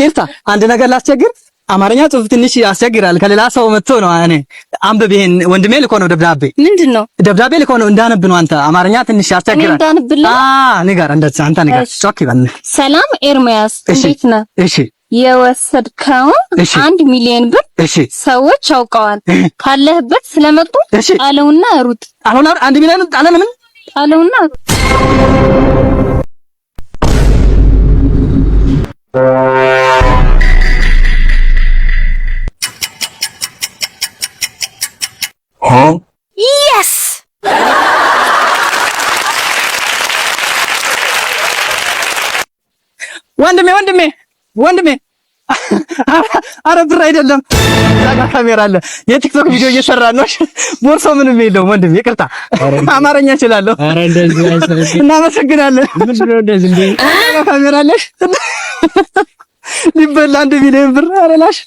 ኬልታ አንድ ነገር ላስቸግር። አማርኛ ጽሁፍ ትንሽ ያስቸግራል። ከሌላ ሰው መጥቶ ነው። እኔ አንብብ፣ ይሄን ወንድሜ ልኮ ነው ደብዳቤ። ምንድን ነው ደብዳቤ ልኮ ነው እንዳነብ ነው። አንተ አማርኛ ትንሽ ያስቸግራል። ንገር፣ እንደዛ አንተ ንገር። ጮክ ይበል። ሰላም ኤርሚያስ፣ እንዴት ነህ? እሺ የወሰድከውን አንድ ሚሊዮን ብር ሰዎች አውቀዋል። ካለህበት ስለመጡ ጣለውና ሩጥ። አሁን አንድ ሚሊዮን ጣለን። ምን ጣለውና ሩጥ Huh? Yes! ወንድሜ ወንድሜ ወንድሜ አረ ብር አይደለም፣ ዛጋ ካሜራ አለ። የቲክቶክ ቪዲዮ እየሰራ ነው። ቦርሶ ምንም የለውም ወንድሜ፣ ይቅርታ አማርኛ እችላለሁ። አረ እንደዚህ አይሰለም። እናመሰግናለን። ምንድን ነው እንደዚህ እንዴ? ካሜራ አለሽ? ሊበላ አንድ ሚሊዮን ብር አረላሽ